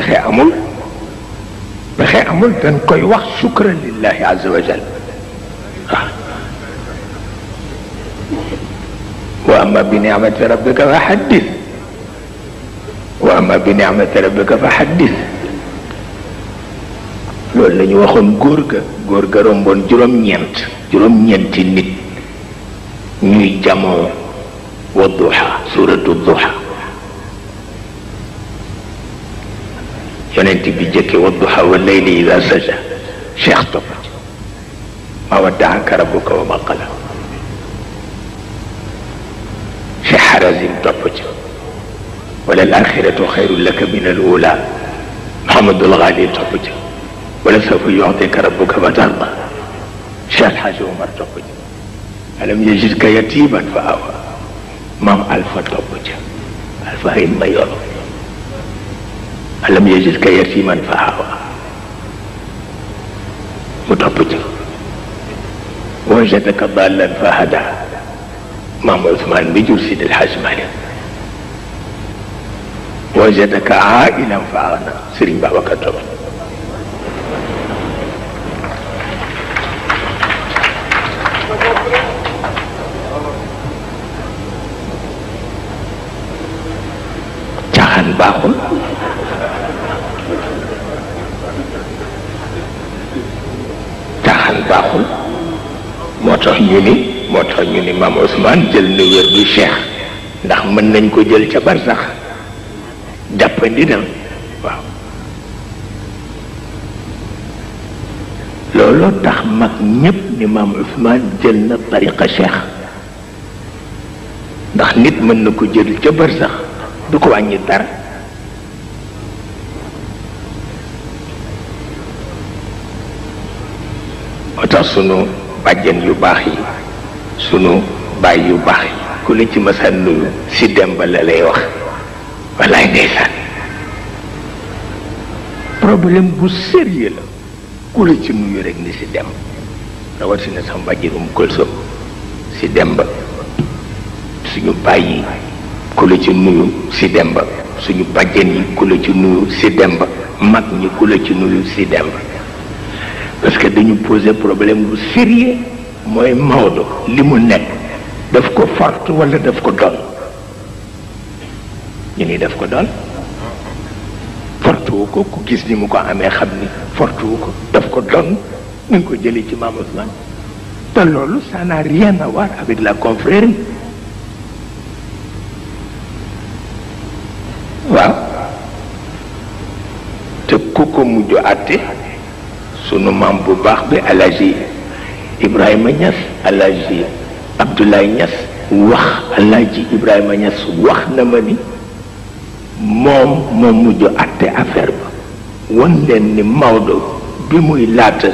بخي امول بخي امول دان كوي شكرا لله عز وجل واما بنعمة ربك فحدث واما بنعمة ربك فحدث لول لاني واخون غورغا غورغا رومبون جروم نينت جروم نينت نيت ني جامو والضحى سورة الضحى شنت بجك والضحى والليل إذا سجى شيخ طفى ما ودعك ربك وما شيخ في حرز ولا وللآخرة خير لك من الأولى محمد الغالي طفج ولسوف يعطيك ربك فترضى شيخ الحاج عمر طفج ألم يجدك يتيما فآوى ما ألف طفج ألف إما يرضي ألم يجدك يتيما فهوى متربط وجدك ضالا فهدى مام عثمان بجر سيد الحجماني وجدك عائلا فأغنى سيري بابا كتب Bahwa baaxul moo tax ñu ni moo tax ñu ni maam Ousmane jël na wér du cheikh ndax mën nañ ko jël ca barsax jàppandi na waaw looloo tax mag ñépp ni maam Ousmane jël na tariqa cheikh ndax nit mën na ko jël ca barsax du ko wàññi dara moo tax suñu bàjjen yu baax yi sunu baay yu baax yi ku la ci masaan nuyu si demba la lay wax wallaay ndeysaan problème bu sérieux la ku la ci nuyu rek ni si dem rawatina sama bàjjen um këlsëm si demba suñu baay ku la ci nuyu si demba suñu bàjjen yi ku la ci nuyu si demba mag ñi ku la ci nuyu si demba parce que dañu poser problème lu sérieux mooy Maodo li mu nekk daf ko fort wala daf ko doon ñu ni daf ko doon fortu wu ko ku gis ni mu ko amee xam ni fortu wu ko daf ko doon ni nga ko jële ci Maam Ousmane te loolu ça n'a rien à voir avec la confrérie waaw te ku ko mujj àtte sunu maam bax baax bi alaji ibrahim nyas alaji abdullah nyas wax alaji ibrahim nyas wax na ma ni mom mom mujj atté affaire ba won len ni mawdo bi muy lat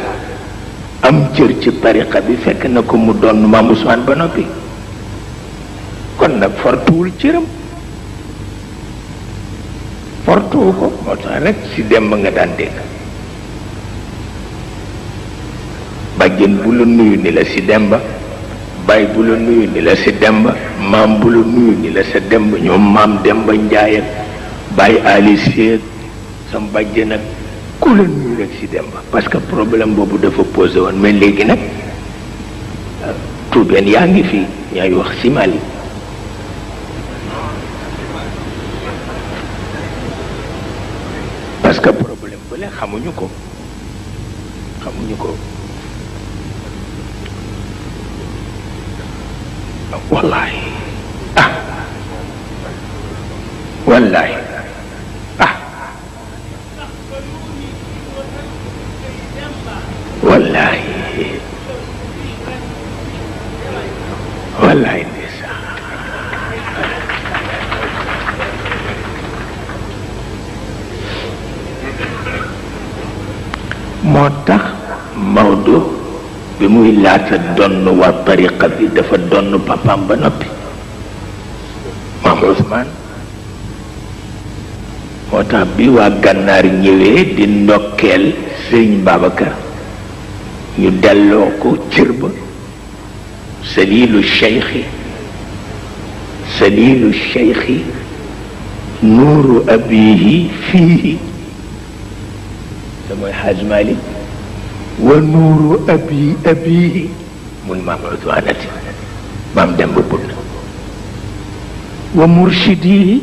am cër ci tariqa bi fekk na ko mu don maam usman ba nopi kon nag ci ram fortuwu ko mo rek si dem nga dan bajen bulu nuyu ni la si demba bay bulu nuyu ni la si demba mam bulu nuyu ni la sa demba ñom mam demba njaay ak bay ali seeg sam bajje nak ku la nuyu rek si demba parce que problème bobu dafa poser won mais legui nak tout yaa yaangi fi ñay wax si mali parce que problème bu le xamuñu ko xamuñu ko wallaay ah wallaay ah wallaay بموي لا تدن والطريقة دي دفا دن بابام بنبي مام عثمان موتا بيوا غنار نيوي دي نوكيل سيني بابكر ñu delloo ko cër ba salilu cheikh yi salilu cheikh yi nuru abiyi fii yi te mooy xaaj malik ونور أبي أبيه من مام عدوانتي مام دم ببن ومرشديه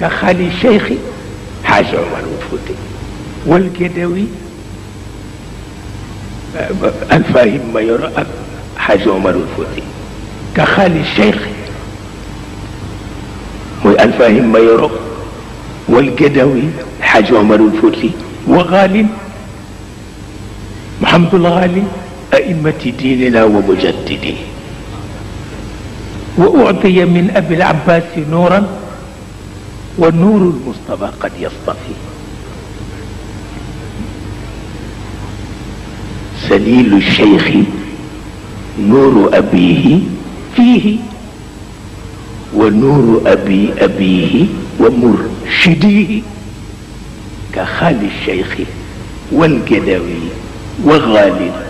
كخالي شيخي حاج عمر وفوتي والجدوي الفاهم ما يرى حاج عمر الفوتي كخالي الشيخ الفاهم ما يرى والجدوي حاج عمر الفوتي وغالب محمد الغالي أئمة ديننا ومجدده وأعطي من أبي العباس نورا والنور المصطفى قد يصطفي سليل الشيخ نور أبيه فيه ونور أبي أبيه ومرشديه كخال الشيخ والجدوي وغالنا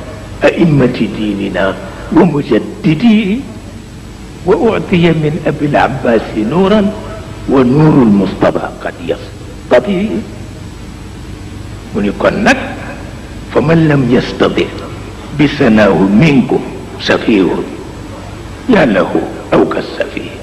أئمة ديننا ومجدديه وأعطي من أبي العباس نورا ونور المصطفى قد يستطيع ونكون فمن لم يستطع بسناه منكم سفيه يا له أو كالسفيه